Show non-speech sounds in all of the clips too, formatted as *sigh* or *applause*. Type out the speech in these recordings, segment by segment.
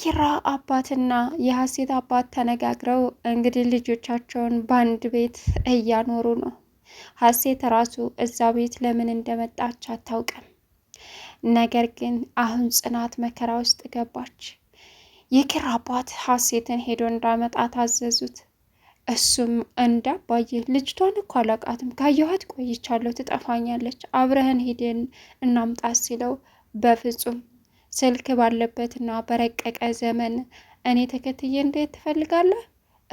የኪራ አባትና የሀሴት አባት ተነጋግረው እንግዲህ ልጆቻቸውን በአንድ ቤት እያኖሩ ነው። ሀሴት ራሱ እዛ ቤት ለምን እንደመጣች አታውቅም። ነገር ግን አሁን ጽናት መከራ ውስጥ ገባች። የኪራ አባት ሀሴትን ሄዶ እንዳመጣ ታዘዙት። እሱም እንደ ልጅቷን እኮ አላቃትም ካየኋት ቆይቻለሁ፣ ትጠፋኛለች፣ አብረህን ሂደን እናምጣት ሲለው በፍጹም ስልክ ባለበትና በረቀቀ ዘመን እኔ ተከትዬ እንዴት ትፈልጋለህ?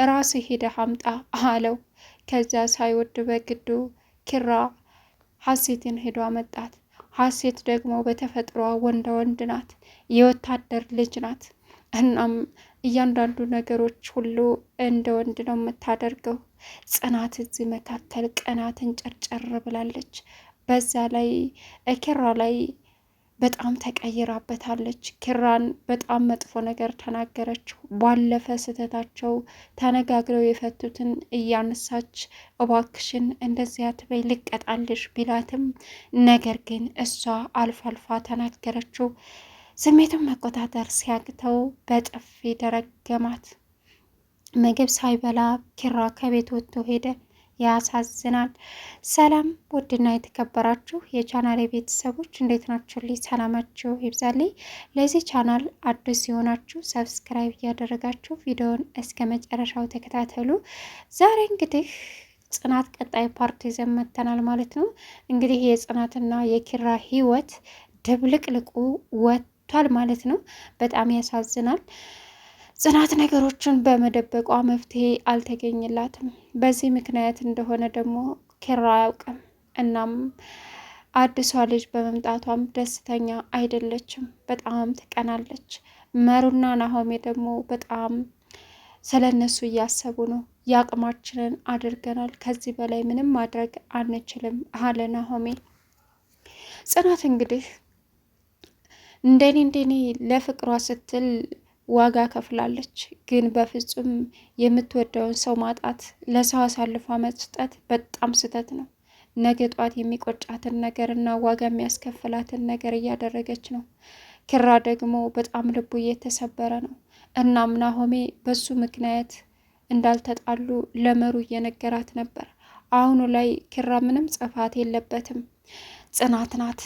ራስህ ሄደህ አምጣ አለው። ከዛ ሳይወድ በግዱ ኪራ ሀሴትን ሄዶ አመጣት። ሀሴት ደግሞ በተፈጥሯ ወንዳ ወንድ ናት፣ የወታደር ልጅ ናት። እናም እያንዳንዱ ነገሮች ሁሉ እንደ ወንድ ነው የምታደርገው። ጽናት እዚህ መካከል ቀናትን ጨርጨር ብላለች። በዛ ላይ ኪራ ላይ በጣም ተቀይራበታለች። ኪራን በጣም መጥፎ ነገር ተናገረችው። ባለፈ ስህተታቸው ተነጋግረው የፈቱትን እያነሳች እባክሽን እንደዚያ ትበይ ልቀጣልሽ ቢላትም ነገር ግን እሷ አልፋ አልፋ ተናገረችው። ስሜቱን መቆጣጠር ሲያግተው በጥፊ ደረገማት። ምግብ ሳይበላ ኪራ ከቤት ወጥቶ ሄደ። ያሳዝናል። ሰላም ውድና የተከበራችሁ የቻናል የቤተሰቦች እንዴት ናችሁ? ልይ ሰላማችሁ ይብዛልኝ። ለዚህ ቻናል አዲስ ሲሆናችሁ ሰብስክራይብ እያደረጋችሁ ቪዲዮን እስከ መጨረሻው ተከታተሉ። ዛሬ እንግዲህ ጽናት ቀጣይ ፓርቲ ይዘን ማለት ነው። እንግዲህ የጽናትና የኪራ ህይወት ድብልቅልቁ ወጥቷል ማለት ነው። በጣም ያሳዝናል። ጽናት ነገሮችን በመደበቋ መፍትሄ አልተገኝላትም። በዚህ ምክንያት እንደሆነ ደግሞ ኪራ አያውቅም። እናም አዲሷ ልጅ በመምጣቷም ደስተኛ አይደለችም፣ በጣም ትቀናለች። መሩና ናሆሜ ደግሞ በጣም ስለ እነሱ እያሰቡ ነው። የአቅማችንን አድርገናል፣ ከዚህ በላይ ምንም ማድረግ አንችልም አለ ናሆሜ። ጽናት እንግዲህ እንደኔ እንደኔ ለፍቅሯ ስትል ዋጋ ከፍላለች። ግን በፍጹም የምትወደውን ሰው ማጣት፣ ለሰው አሳልፏ መስጠት በጣም ስህተት ነው። ነገ ጧት የሚቆጫትን ነገር እና ዋጋ የሚያስከፍላትን ነገር እያደረገች ነው። ክራ ደግሞ በጣም ልቡ እየተሰበረ ነው። እናም ናሆሜ በሱ ምክንያት እንዳልተጣሉ ለመሩ እየነገራት ነበር። አሁኑ ላይ ክራ ምንም ጽፋት የለበትም ጽናት ናት።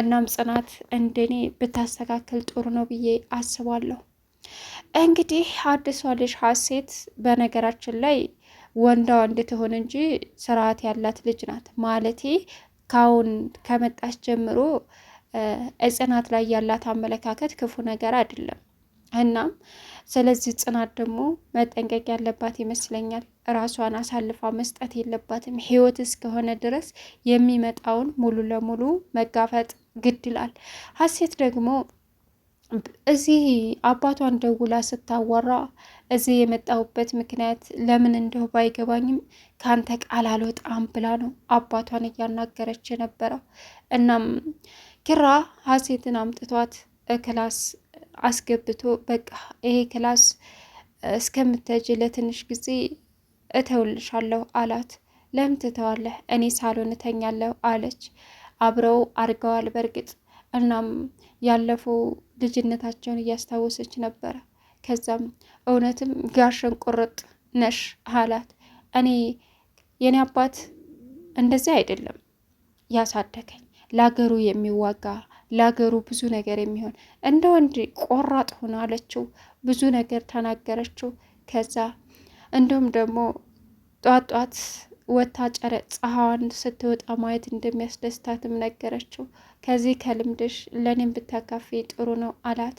እናም ጽናት እንደኔ ብታስተካከል ጥሩ ነው ብዬ አስባለሁ። እንግዲህ አዲሷ ልጅ ሀሴት በነገራችን ላይ ወንዳ ወንድ ትሆን እንጂ ስርዓት ያላት ልጅ ናት። ማለቴ ካሁን ከመጣች ጀምሮ እጽናት ላይ ያላት አመለካከት ክፉ ነገር አይደለም። እናም ስለዚህ ጽናት ደግሞ መጠንቀቅ ያለባት ይመስለኛል። ራሷን አሳልፋ መስጠት የለባትም። ህይወት እስከሆነ ድረስ የሚመጣውን ሙሉ ለሙሉ መጋፈጥ ግድ ይላል። ሀሴት ደግሞ እዚህ አባቷን ደውላ ስታወራ እዚህ የመጣሁበት ምክንያት ለምን እንደው ባይገባኝም ከአንተ ቃል አልወጣም ብላ ነው አባቷን እያናገረች የነበረው። እናም ኪራ ሀሴትን አምጥቷት ክላስ አስገብቶ በቃ ይሄ ክላስ እስከምትሄጂ ለትንሽ ጊዜ እተውልሻለሁ አላት። ለምን ትተዋለህ? እኔ ሳሎን እተኛለሁ አለች። አብረው አድገዋል። በእርግጥ እናም ያለፉ ልጅነታቸውን እያስታወሰች ነበረ። ከዛም እውነትም ጋሽን ቁርጥ ነሽ አላት። እኔ የኔ አባት እንደዚህ አይደለም ያሳደገኝ ለሀገሩ የሚዋጋ ለሀገሩ ብዙ ነገር የሚሆን እንደ ወንድ ቆራጥ ሆነ አለችው። ብዙ ነገር ተናገረችው። ከዛ እንዲሁም ደግሞ ጧጧት ወታጨረ ፀሐዋን ስትወጣ ማየት እንደሚያስደስታትም ነገረችው። ከዚህ ከልምድሽ ለእኔም ብታካፊ ጥሩ ነው አላት።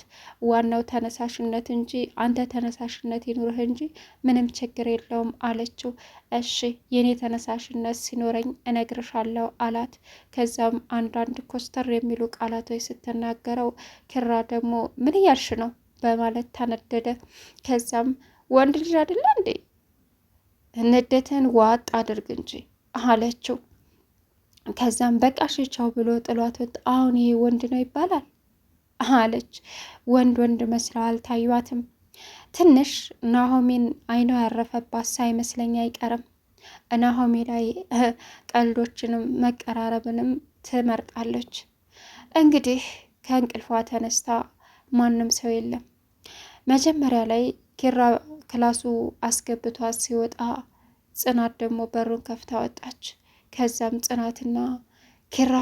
ዋናው ተነሳሽነት እንጂ አንተ ተነሳሽነት ይኑርህ እንጂ ምንም ችግር የለውም አለችው። እሺ የእኔ ተነሳሽነት ሲኖረኝ እነግርሻለሁ አላት። ከዛም አንዳንድ ኮስተር የሚሉ ቃላቶች ስትናገረው፣ ኪራ ደግሞ ምን እያልሽ ነው በማለት ተነደደ። ከዛም ወንድ ልጅ አይደለ እንዴ ንዴትን ዋጥ አድርግ እንጂ አለችው። ከዛም በቃ ሽቻው ብሎ ጥሏት ወጥ አሁን ይሄ ወንድ ነው ይባላል አለች። ወንድ ወንድ መስላ አልታዩትም። ትንሽ ናሆሜን አይኗ ያረፈባት ሳይመስለኝ አይቀርም። ናሆሜ ላይ ቀልዶችንም መቀራረብንም ትመርጣለች። እንግዲህ ከእንቅልፏ ተነስታ ማንም ሰው የለም መጀመሪያ ላይ ኪራ ክላሱ አስገብቷት ሲወጣ ጽናት ደግሞ በሩን ከፍታ ወጣች። ከዛም ጽናትና ኪራ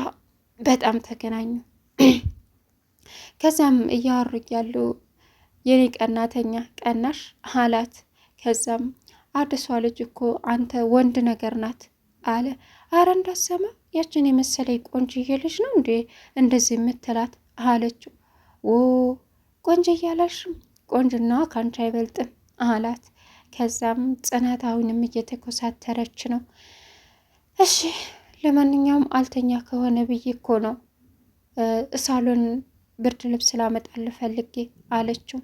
በጣም ተገናኙ። *clears throat* ከዛም እያወሩ ያሉ የኔ ቀናተኛ ቀናሽ አላት። ከዛም አዲሷ ልጅ እኮ አንተ ወንድ ነገር ናት አለ። አረ እንዳሰማ ያችን የመሰለኝ ቆንጅዬ ልጅ ነው እንዴ እንደዚህ የምትላት አለችው። ኦ ቆንጅዬ አላልሽም ቆንጅና ካንቺ አይበልጥም አላት። ከዛም ጽናት አሁንም እየተኮሳተረች ነው። እሺ ለማንኛውም አልተኛ ከሆነ ብዬ እኮ ነው እሳሎን ብርድ ልብስ ላመጣል ፈልጌ አለችው።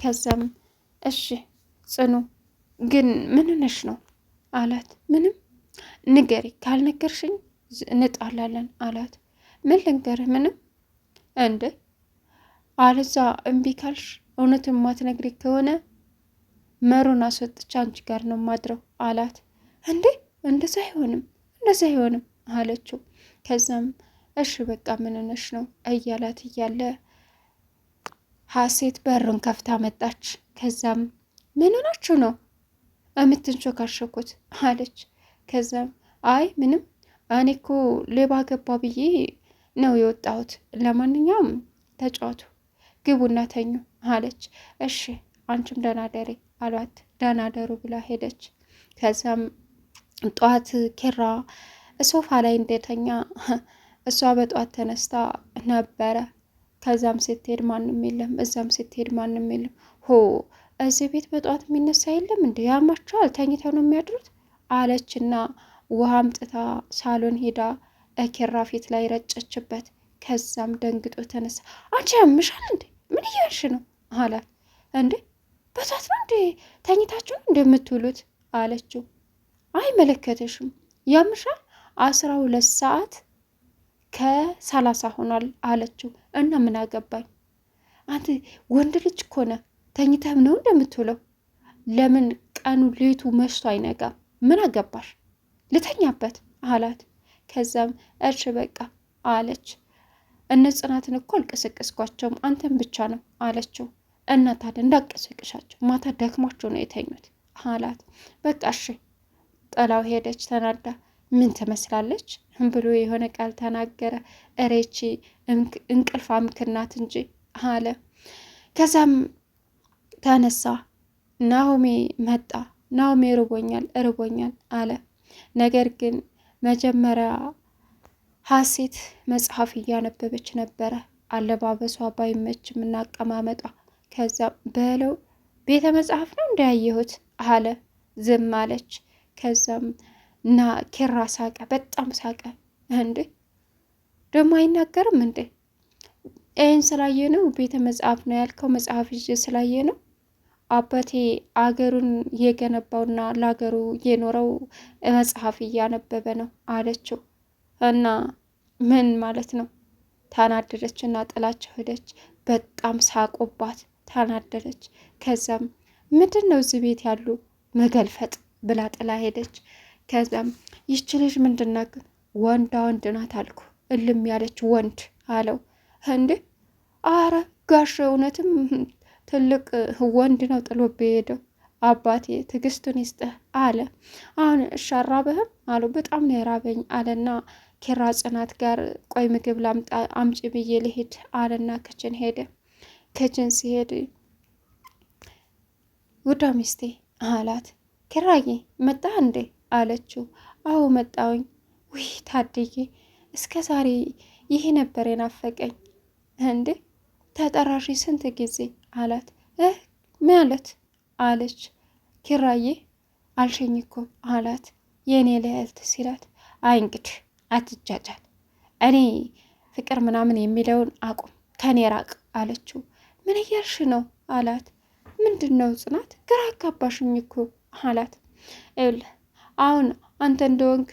ከዛም እሺ ጽኑ ግን ምን ነሽ ነው አላት። ምንም ንገሪ፣ ካልነገርሽኝ እንጣላለን አላት። ምን ልንገርህ? ምንም እንደ አለዛ እምቢ ካልሽ እውነቱን ማትነግሪ ከሆነ መሩን አስወጥቼ አንቺ ጋር ነው ማድረው አላት። እንዴ እንደዛ አይሆንም፣ እንደዛ አይሆንም አለችው። ከዛም እሺ በቃ ምንነሽ ነው እያላት እያለ ሀሴት በሩን ከፍታ መጣች። ከዛም ምንናችሁ ነው የምትንሾካሸኩት አለች። ከዛም አይ ምንም እኔ እኮ ሌባ ገባ ብዬ ነው የወጣሁት። ለማንኛውም ተጫወቱ ግቡና ተኙ አለች። እሺ አንቺም ደናደሪ አሏት። ደናደሩ ብላ ሄደች። ከዚያም ጠዋት ኪራ ሶፋ ላይ እንደተኛ እሷ በጠዋት ተነስታ ነበረ። ከዛም ስትሄድ ማንም የለም፣ እዛም ስትሄድ ማንም የለም። ሆ እዚህ ቤት በጠዋት የሚነሳ የለም እንዴ? ያማቸዋል፣ ተኝተው ነው የሚያድሩት አለችና ውሃ አምጥታ ሳሎን ሄዳ ኪራ ፊት ላይ ረጨችበት። ከዛም ደንግጦ ተነሳ። አንቺ ያምሻል እንዴ? ምን እያልሽ ነው አላት። እንዴ በሷት ነው እንዴ ተኝታችሁ እንደምትውሉት አለችው። አይመለከተሽም። ያምሻል አስራ ሁለት ሰዓት ከሰላሳ ሆኗል አለችው። እና ምን አገባኝ አንተ ወንድ ልጅ ኮነ ነህ ነው እንደምትውለው ለምን ቀኑ ሌቱ መሽቶ አይነጋም? ምን አገባሽ ልተኛበት አላት። ከዛም እርሽ በቃ አለች። እነ ጽናትን እኮ አልቀሰቀስኳቸውም አንተን ብቻ ነው አለችው። እናታደ እንዳቀሰቅሻቸው ማታ ደክማቸው ነው የተኙት አላት። በቃ እሺ ጥላው ሄደች ተናዳ። ምን ትመስላለች ብሎ የሆነ ቃል ተናገረ። እሬቺ እንቅልፍ አምክናት እንጂ አለ። ከዛም ተነሳ። ናሆሜ መጣ። ናሆሜ ርቦኛል፣ ርቦኛል አለ። ነገር ግን መጀመሪያ ሀሴት መጽሐፍ እያነበበች ነበረ። አለባበሷ ባይመችም እና አቀማመጧ። ከዛም በለው ቤተ መጽሐፍ ነው እንዳያየሁት አለ። ዝም አለች። ከዛም ና ኬራ ሳቀ፣ በጣም ሳቀ። እንዴ ደግሞ አይናገርም እንዴ? ይህን ስላየ ነው ቤተ መጽሐፍ ነው ያልከው? መጽሐፍ ይዤ ስላየ ነው አባቴ አገሩን የገነባውና ለአገሩ የኖረው መጽሐፍ እያነበበ ነው አለችው እና ምን ማለት ነው? ታናደደች እና ጥላቸው ሄደች። በጣም ሳቆባት፣ ታናደደች። ከዛም ምንድን ነው እዚህ ቤት ያሉ መገልፈጥ ብላ ጥላ ሄደች። ከዛም ይች ልጅ ምንድን ነው ግን ወንዳ ወንድ ናት አልኩ እልም ያለች ወንድ አለው። እንዴ አረ ጋሽ እውነትም ትልቅ ወንድ ነው ጥሎብ ሄደው አባቴ ትዕግስቱን ይስጥህ አለ። አሁን እሻራበህም አሉ። በጣም ነው የራበኝ አለና ኪራ ጽናት ጋር ቆይ ምግብ ላምጣ አምጪ ብዬ ልሂድ አለና ክችን ሄደ። ክችን ሲሄድ ውዳ ሚስቴ አላት። ኪራዬ መጣ እንዴ አለችው። አዎ መጣውኝ። ውይ ታድዬ እስከ ዛሬ ይሄ ነበር የናፈቀኝ። እንዴ ተጠራሽ ስንት ጊዜ አላት። እህ ማለት አለች። ኪራዬ አልሸኝኮም አላት። የእኔ ልዕልት ሲላት አይ እንግዲህ አትጃጃል፣ እኔ ፍቅር ምናምን የሚለውን አቁም፣ ከኔ ራቅ አለችው። ምን እያልሽ ነው አላት። ምንድን ነው ጽናት፣ ግራ አጋባሽኝ እኮ አላት። ይኸውልህ አሁን አንተ እንደወንክ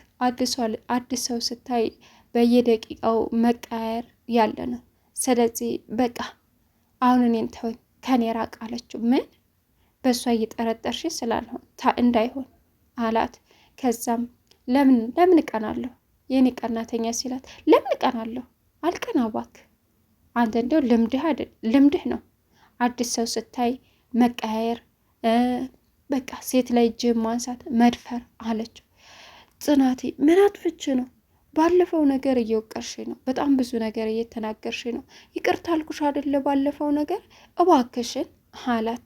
አዲስ ሰው ስታይ በየደቂቃው መቃየር ያለ ነው። ስለዚህ በቃ አሁን እኔን ተወኝ፣ ከኔ ራቅ አለችው። ምን በእሷ እየጠረጠርሽ ስላልሆን እንዳይሆን አላት። ከዛም ለምን ለምን እቀናለሁ የኔ ቀናተኛ ሲላት ለምን ቀናለሁ? አልቀና አንተ እንደው ልምድህ ነው። አዲስ ሰው ስታይ መቀያየር፣ በቃ ሴት ላይ እጅ ማንሳት፣ መድፈር አለችው። ጽናቴ ምን ነው? ባለፈው ነገር እየወቀርሽ ነው። በጣም ብዙ ነገር እየተናገርሽ ነው። ይቅርታ አልኩሽ አደለ? ባለፈው ነገር እባክሽን አላት።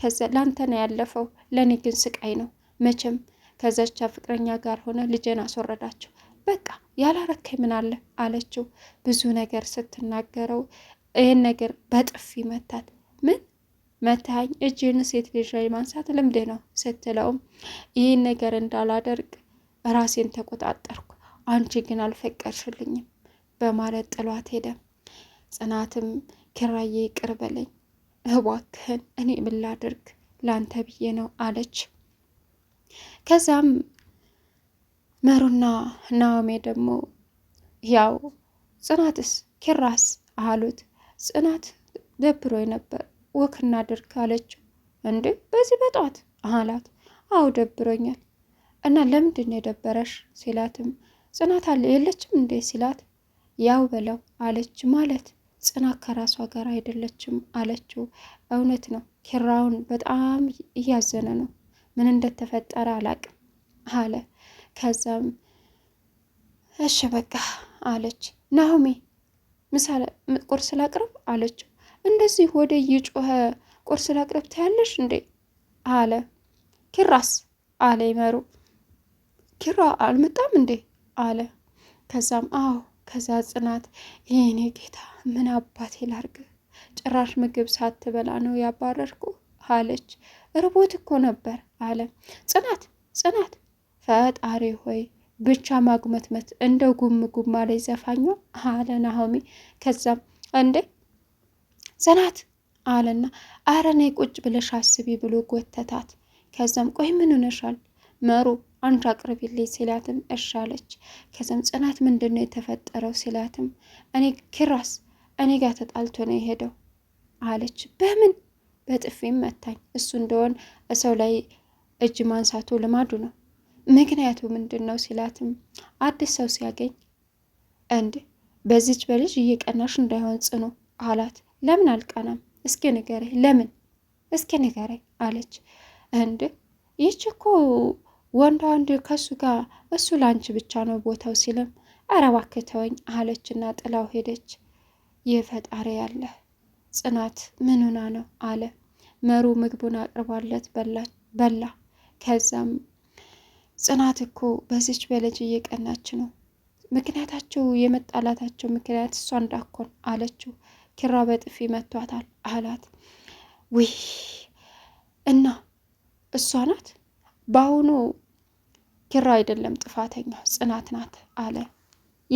ከዛ ላንተ ነው ያለፈው፣ ለእኔ ግን ስቃይ ነው መቼም ከዛቻ ፍቅረኛ ጋር ሆነ ልጄን አስወረዳቸው። በቃ ያላረከኝ ምናለ አለችው። ብዙ ነገር ስትናገረው ይህን ነገር በጥፊ መታት። ምን መታኝ? እጅን ሴት ልጅ ላይ ማንሳት ልምድ ነው ስትለውም ይህን ነገር እንዳላደርግ ራሴን ተቆጣጠርኩ፣ አንቺ ግን አልፈቀድሽልኝም በማለት ጥሏት ሄደ። ጽናትም ኪራዬ ይቅር በለኝ እባክህን፣ እኔ ምን ላድርግ ላንተ ብዬ ነው አለች። ከዛም መሩና ናኦሜ ደግሞ ያው ጽናትስ ኪራስ አሉት። ጽናት ደብሮ ነበር ወክ እናድርግ አለችው። እንዴ በዚህ በጠዋት አላት። አው ደብሮኛል። እና ለምንድን ነው የደበረሽ ሲላትም ጽናት አለ የለችም እንዴ ሲላት ያው በለው አለች። ማለት ጽናት ከራሷ ጋር አይደለችም አለችው። እውነት ነው። ኪራውን በጣም እያዘነ ነው። ምን እንደተፈጠረ አላቅም አለ ከዛም እሺ በቃ አለች። ናሆሜ ቁርስ ላቅርብ አለችው። እንደዚህ ወደ እየጮኸ ቁርስ ላቅርብ ታያለሽ እንዴ አለ። ኪራስ አለ ይመሩ። ኪራ አልመጣም እንዴ አለ። ከዛም አዎ። ከዛ ጽናት ይህኔ ጌታ ምን አባቴ ላርግ፣ ጭራሽ ምግብ ሳትበላ ነው ያባረርኩ አለች። ርቦት እኮ ነበር አለ ጽናት ጽናት ፈጣሪ ሆይ ብቻ ማጉመትመት እንደ ጉም ጉም ላይ ዘፋኟ አለ ናሆሚ። ከዛም እንዴ ጽናት አለና አረኔ ቁጭ ብለሽ አስቢ ብሎ ጎተታት። ከዛም ቆይ ምን ሆነሻል መሩ አንቺ አቅርቢልኝ ሲላትም እሺ አለች። ከዛም ጽናት ምንድን ነው የተፈጠረው ሲላትም እኔ ኪራስ እኔ ጋር ተጣልቶ ነው የሄደው አለች። በምን በጥፊም መታኝ። እሱ እንደሆን ሰው ላይ እጅ ማንሳቱ ልማዱ ነው ምክንያቱ ምንድን ነው ሲላትም አዲስ ሰው ሲያገኝ እንድ በዚች በልጅ እየቀናሽ እንዳይሆን ጽኑ አላት። ለምን አልቀናም? እስኪ ንገረኝ፣ ለምን እስኪ ንገረኝ አለች። እንድ ይች እኮ ወንድ አንድ ከሱ ጋር እሱ ለአንቺ ብቻ ነው ቦታው ሲልም ኧረ እባክህ ተወኝ አለችና ጥላው ሄደች። ይህ ፈጣሪ ያለ ጽናት ምኑና ነው አለ። መሩ ምግቡን አቅርባለት በላ። ከዛም ጽናት እኮ በዚች በልጅ እየቀናች ነው። ምክንያታቸው የመጣላታቸው ምክንያት እሷ እንዳኮን አለችው። ኪራ በጥፊ መቷታል አላት። ውይ እና እሷ ናት በአሁኑ ኪራ አይደለም ጥፋተኛ ጽናት ናት አለ።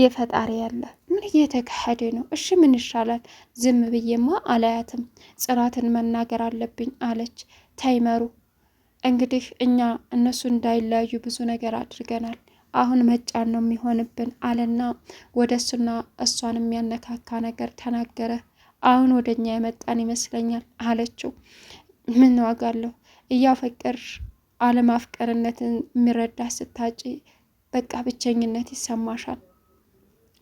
የፈጣሪ ያለ ምን እየተካሄደ ነው? እሺ ምን ይሻላል? ዝም ብዬማ አላያትም። ጽናትን መናገር አለብኝ አለች። ታይመሩ እንግዲህ እኛ እነሱ እንዳይለያዩ ብዙ ነገር አድርገናል። አሁን መጫን ነው የሚሆንብን አለና ወደ እሱና እሷን የሚያነካካ ነገር ተናገረ። አሁን ወደ እኛ የመጣን ይመስለኛል አለችው። ምን ዋጋ አለሁ እያፈቀር አለማፍቀርነትን የሚረዳ ስታጭ በቃ ብቸኝነት ይሰማሻል።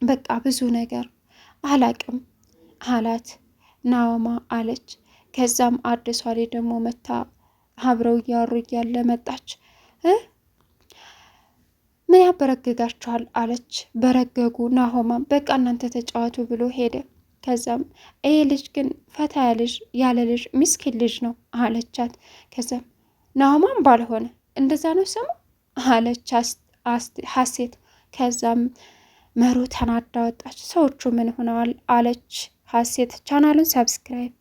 በቃ ብዙ ነገር አላቅም አላት ናወማ አለች። ከዛም አዲሷ ላይ ደግሞ መታ አብረው እያወሩ እያለ መጣች። ምን ያበረግጋችኋል አለች። በረገጉ ናሆማም በቃ እናንተ ተጫወቱ ብሎ ሄደ። ከዛም ይሄ ልጅ ግን ፈታ ልጅ ያለ ልጅ ሚስኪን ልጅ ነው አለቻት። ከዛም ናሆማም ባልሆነ እንደዛ ነው ስሙ አለች ሀሴት። ከዛም መሩ ተናዳ ወጣች። ሰዎቹ ምን ሆነዋል አለች ሀሴት። ቻናሉን ሰብስክራይብ